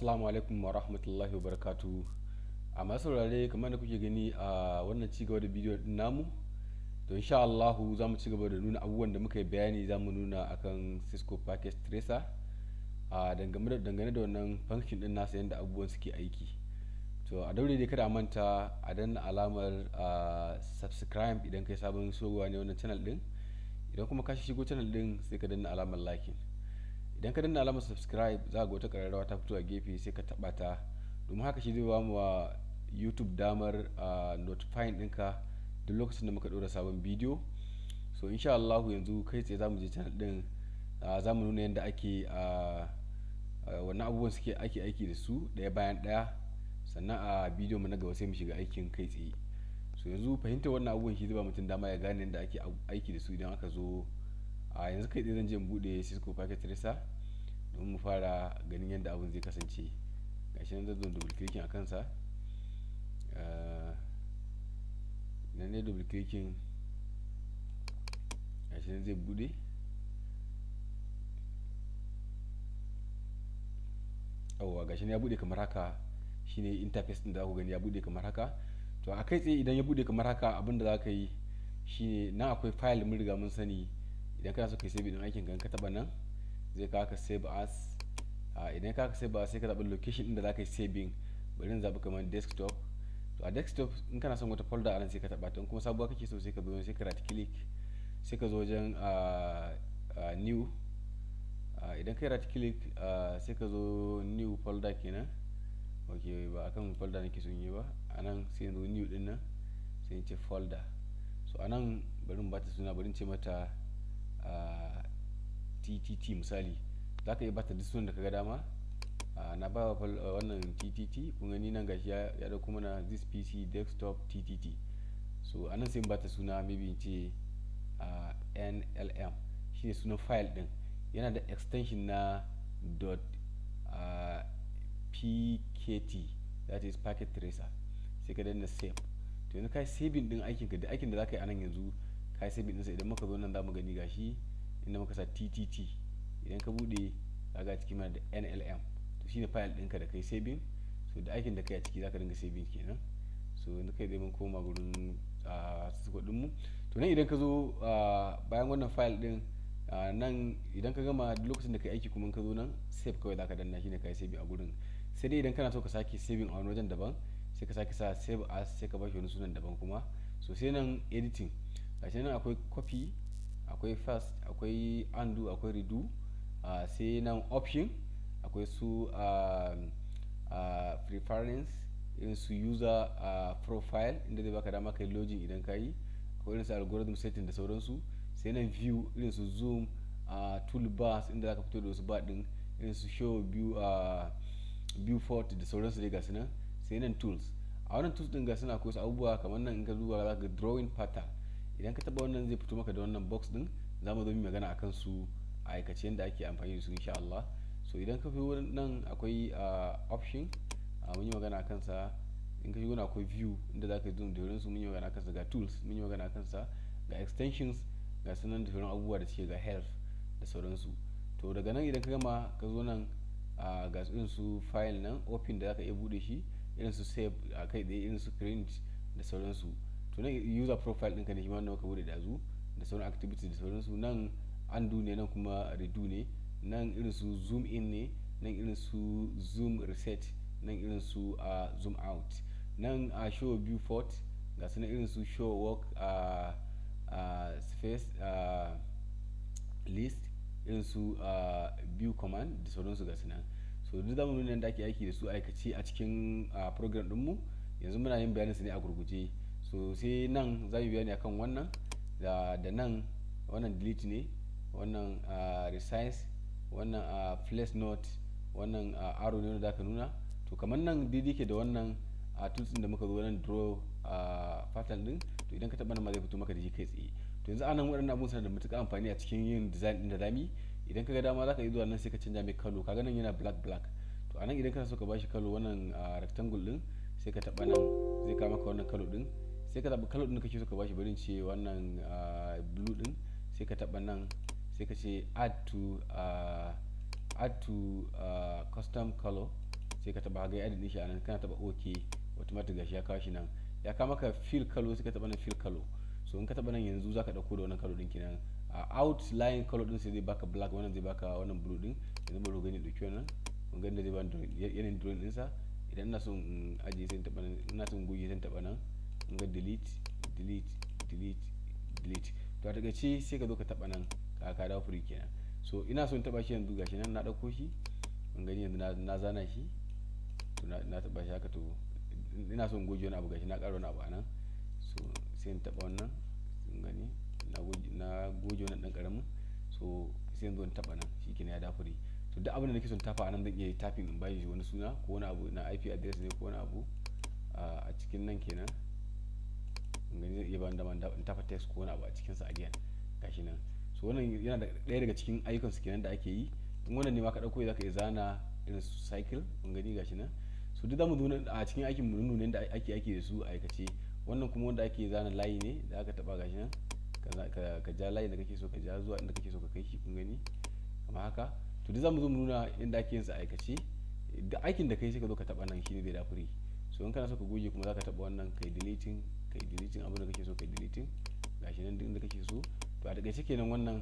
assalamu alaikum wa rahmatullahi wa barakatu a masu saurare kamar da kuke gani a wannan cigaba da bidiyo din namu to insha Allahu za mu cigaba da nuna abubuwan da muka yi bayani za mu nuna akan Cisco Package Tracer a dangane da dangane da wannan function din nasa yadda abubuwan suke aiki to a daure dai kada manta a danna alamar subscribe idan kai sabon shigowa ne wannan channel din idan kuma ka shigo channel din sai ka danna alamar liking idan ka danna alamar subscribe za ga wata kararrawa ta fito a gefe sai ka taba ta domin haka shi zai ba mu wa youtube damar notifying ɗinka duk lokacin da muka ɗora sabon bidiyo so insha Allah yanzu kai tsaye za mu je channel ɗin za mu nuna yadda ake a wannan abubuwan suke ake aiki da su ɗaya bayan ɗaya sannan a bidiyo mu na gaba sai mu shiga aikin kai tsaye so yanzu fahimtar wannan abubuwan shi zai ba mutum dama ya gane yadda ake aiki da su idan aka zo a yanzu kai dai zan je mu buɗe cisco packet tracer don mu fara ganin yadda abun zai kasance gashi nan zan double clicking a kansa eh, nan ne double clicking gashi nan zai buɗe yawwa gashi nan ya buɗe kamar haka shine interface din da ku gani ya buɗe kamar haka to a kai tsaye idan ya buɗe kamar haka abin da za ka yi shine nan akwai file mun riga mun sani idan kana so ka save din aikin ka taba nan zai kawo ka save as idan ka save as sai ka zaɓi location inda za ka yi saving bari in zaɓi kamar desktop to a desktop in kana son wata folder anan sai ka taɓa ta in kuma sabuwa kake so sai ka zo sai ka right click sai ka zo wajen new idan ka yi right click sai ka zo new folder kenan ok ba akan folder nake son yi ba anan sai yanzu new din nan sai in ce folder so anan bari in bata suna bari in ce mata ttt misali za ka iya bata duk sunan da ka ga dama na ba wannan ttt kun gani nan gashi ya kuma na this pc desktop ttt so anan sai bata suna maybe in ce nlm shine sunan file din yana da extension na dot pkt that is packet tracer sai ka danna save to yanzu ka saving din aikinka da aikin da za ka yi anan yanzu kai sai ɗinsa idan muka zo nan zamu gani gashi inda muka sa ttt idan ka bude kaga cikin mana da nlm to shine file ɗinka da kai bin so da aikin da kai a ciki zaka dinga bin kenan so yanzu kai zai mun koma gurin a kuɗin mu to nan idan ka zo bayan wannan file ɗin nan idan ka gama lokacin da kai aiki kuma ka zo nan save kawai zaka danna shine kai bin a gurin sai dai idan kana so ka sake saving a wani wajen daban sai ka sake sa save as sai ka bashi wani sunan daban kuma so sai nan editing gashi nan akwai copy akwai first akwai undo akwai redo uh, sai nan option akwai su uh, uh, preference irin su user uh, profile inda zai baka dama kai login idan ka yi akwai irin su algorithm setting da sauransu sai nan view irin su zoom uh, toolbars inda zaka fito da wasu ba din irin su show view uh, viewport da sauransu dai gasu nan sai nan tools a wannan tools din gasu nan akwai wasu abubuwa kamar nan in ka duba zaka ka drawing pattern idan ka taba wannan zai fito maka da wannan box din za mu zo mu magana akan su a aikace yadda ake amfani da su insha Allah so idan ka fi wurin nan akwai ah, option ah, mun yi magana akan sa in ka shigo na akwai view inda za ka zoom da wurin su mun yi magana akan sa ga tools mun yi magana akan sa ga extensions ga sunan da sauran abubuwa da suke ga health da sauransu to daga nan idan ka gama ka zo nan ah, ga irin su file nan open da za ka iya bude shi irin su save a kai da irin su print da sauransu to nan user profile ɗinka ne shi ma ka bude dazu da sauran activities da sauransu nan An ne nan kuma redo ne nan irin su zoom in ne nan irin su zoom reset nan irin su zoom out nan a show view port ga su nan irin su show work a space list irin su view command da sauransu ga su nan so duk zamu nuna da ake aiki da su aikace a cikin program ɗinmu yanzu muna yin bayanin su ne a gurguje so sai nan za mu biya ne akan wannan da, da nan wannan delete ne wannan resize wannan place note wannan arrow ne wanda zaka nuna to kamar nan daidai ke da wannan a uh, tools da muka zo wannan draw pattern din to idan ka taba nan ma zai fito maka da shi kai tsaye to yanzu anan waɗannan abun suna da matuƙar amfani a cikin yin design din da zami idan ka ga dama zaka yi zuwa nan sai ka canja mai kalo kaga nan yana black black to anan idan kana so ka bashi kalo wannan rectangle din sai ka taba nan zai kawo maka wannan kalo din sai ka zaɓi kalo ɗin da kake so ka bashi bari ce wannan ah, blue ɗin sai ka taɓa nan sai ka ce add to ah, add to ah, custom color sai ka taɓa ga add ɗin shi a nan kana taɓa ok automatic gashi ya kawo shi nan ya kama ka fill color sai ka taɓa nan fill color so in ka taɓa nan yanzu zaka ɗauko da wannan kalo ɗin kenan a outline color ɗin sai zai baka black wannan zai baka wannan blue ɗin yanzu bari gani ɗauki wannan mun gani da zai bani yanayin drone ɗinsa idan ina son in ajiye sai in taɓa nan ina son goge sai in taɓa nan ga delete delete delete delete to a daga ce sai ka zo ka taba nan ka ka dawo free kenan so ina so in taba shi yanzu gashi nan na dauko shi in gani yanzu na zana shi to na taba shi haka to ina so in goge wani abu gashi na karo wani abu anan so sai in taba wannan in gani na goge wannan dan karamin so sai yanzu in taba nan shikenan ya da free to duk abin da nake so in tafa anan zan iya tapping in bashi wani suna ko wani abu na IP address ne ko wani abu a cikin nan kenan gani zai iya ba dama in tafa text ko wani abu a cikinsa again gashi nan so wannan yana ɗaya daga cikin ayyukan su kenan da ake yi in wannan ne ma ka ɗauko za ka iya zana irin su cycle kun gani gashi nan so duk mu nuna a cikin aikin mu nuna da ake ake da su a aikace wannan kuma wanda ake zana layi ne da aka taɓa gashi nan ka ja layi da kake so ka ja zuwa inda kake so ka kai shi kun gani kamar haka to duk mu zo mu nuna inda ake yin sa aikace da aikin da kai sai ka zo ka taɓa nan shine zai dafure so in kana so ka goge kuma za ka taɓa wannan kai deleting kai deleting abin da kake so kai deleting gashi nan din da kake so to a daga kenan wannan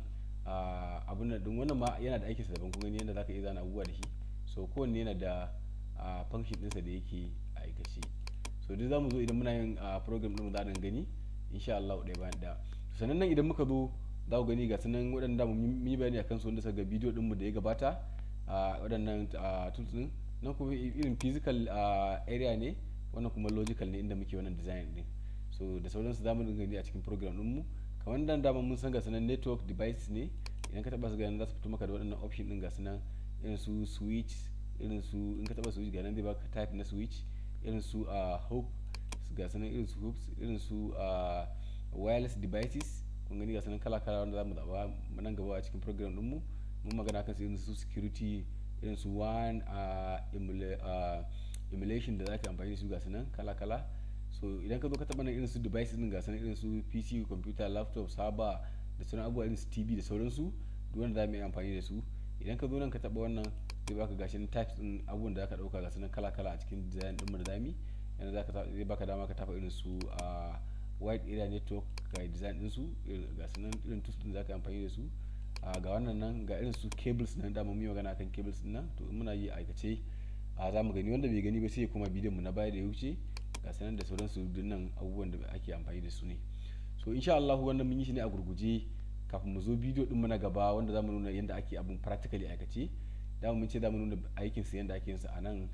abin da din wannan ma yana da aikin sa daban kun gani yadda zaka iya zana abubuwa da shi so kowanne yana da function ɗinsa da yake a aikace so duk zamu zo idan muna yin program din mu za gani insha Allah ɗaya bayan da sannan nan idan muka zo za ku gani ga sanan waɗanda mu yi bayani a kansu wanda suka ga bidiyo ɗinmu da ya gabata a waɗannan tools ɗin nan kuma irin physical area ne wannan kuma logical ne inda muke wannan design din so da sauransu za mu dinga gani a cikin program din mu kamar da dama mun san ga sanan network device ne idan ka taba su ga za su fito maka da waɗannan option din ga sanan irin su switch irin su in ka taba switch ganin nan zai baka type na switch irin su a hope ga sanan irin su hoops irin su a wireless devices kun gani ga kala kala wanda za mu zaba nan gaba a cikin program din mu mun magana kan su irin su security irin su one a emulation da za ka amfani da su ga sanan kala kala so idan ka zo ka taɓa nan irin su device din sanin irin su pc computer laptop saba da sauran abubuwa irin su tv da sauransu duk wanda za mu yi amfani da su idan ka zo nan ka taɓa wannan zai baka gashin types din abubuwan da aka ɗauka ga sanin kala kala a cikin design din da zami yana za ka zai baka dama ka tafa irin su a wide area network ga design din su ga sanin irin tools din za ka amfani da su ga wannan nan ga irin su cables nan da mu yi magana kan cables din nan to muna yi aikace a za mu gani wanda bai gani ba sai kuma bidiyon mu na baya da ya wuce ga sanar da sauransu dinnan abubuwan da ake amfani da su ne so insha Allah wannan mun yi shi ne a gurguje kafin mu zo bidiyo din na gaba wanda zamu nuna yadda ake abun practically aikace da mun ce zamu nuna aikin su yadda ake yin su anan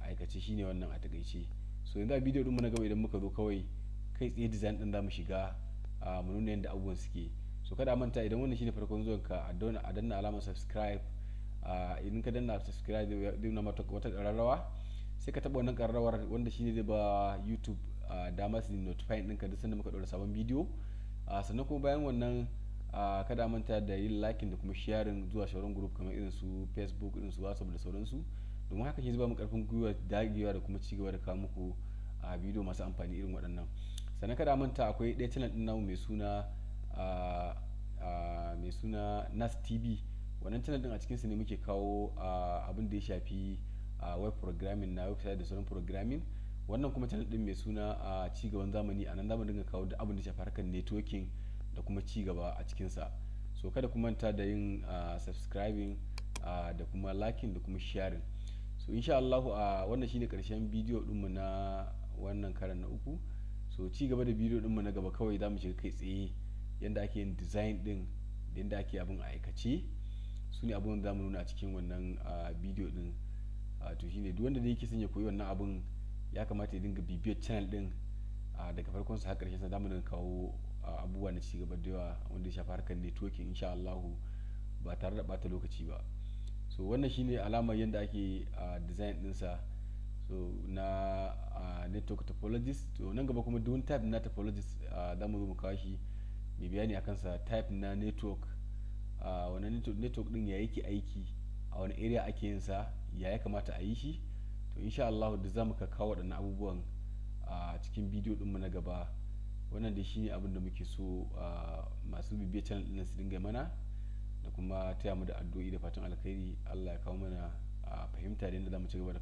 aikace shine wannan a takaice so yanzu a bidiyo din na gaba idan muka zo kawai kai tsaye design din zamu shiga mu nuna yadda abubuwan suke so kada manta idan wannan shine farkon zuwan ka a danna alamar subscribe idan ka danna subscribe din nuna mata wata rarrawa sai ka taba wannan ƙararrawar wanda shi zai ba youtube ah, damar su notify ɗinka duk sanda muka ɗora sabon bidiyo ah, sannan kuma bayan wannan ah, kada manta da yin liking da kuma sharing zuwa sauran group kamar irin su facebook irin su whatsapp da sauransu domin haka ke zuba mu ƙarfin gwiwa dagewa da kuma cigaba da kawo muku a bidiyo masu amfani irin waɗannan sannan kada manta akwai ɗaya channel ɗin namu mai suna suna nas tv wannan channel ɗin a cikin su ne muke kawo abin da ya shafi a web programming na website da sauran programming wannan kuma channel din mai suna a cigaban zamani a nan zamu dinga kawo da abin da shafi harkar networking da kuma cigaba a cikinsa so kada kuma manta da yin subscribing da kuma liking da kuma sharing so insha Allahu a wannan shine karshen bidiyo dinmu na wannan karan na uku so ci gaba da bidiyo dinmu na gaba kawai za mu shiga kai tsaye yanda ake yin design din da yanda ake abin a aikace su ne abin da zamu nuna a cikin wannan bidiyo din Ah, to shine duk wanda da yake son ya koyi wannan abun ya kamata ya dinga bibiyar channel din ah, daga farkon sa har karshen sa zamu kawo ah, abubuwa na cigaba da yawa wanda ya shafi harkar networking insha Allah ba tare da bata lokaci ba so wannan shine alamar yadda ake design din sa so na network topologist to nan gaba kuma duk type na topologist zamu zo mu kawo shi mai bayani akan sa type na network wannan network din ya yake aiki a wani area ake yin sa ya ya kamata a yi shi to insha Allah da zamu ka kawo waɗannan abubuwan a cikin bidiyo mu na gaba wannan da shine abin da muke so masu bibiyar channel din su dinga mana da kuma taya mu da addu'o'i da fatan alkhairi Allah ya kawo mana fahimta da yadda zamu ci gaba da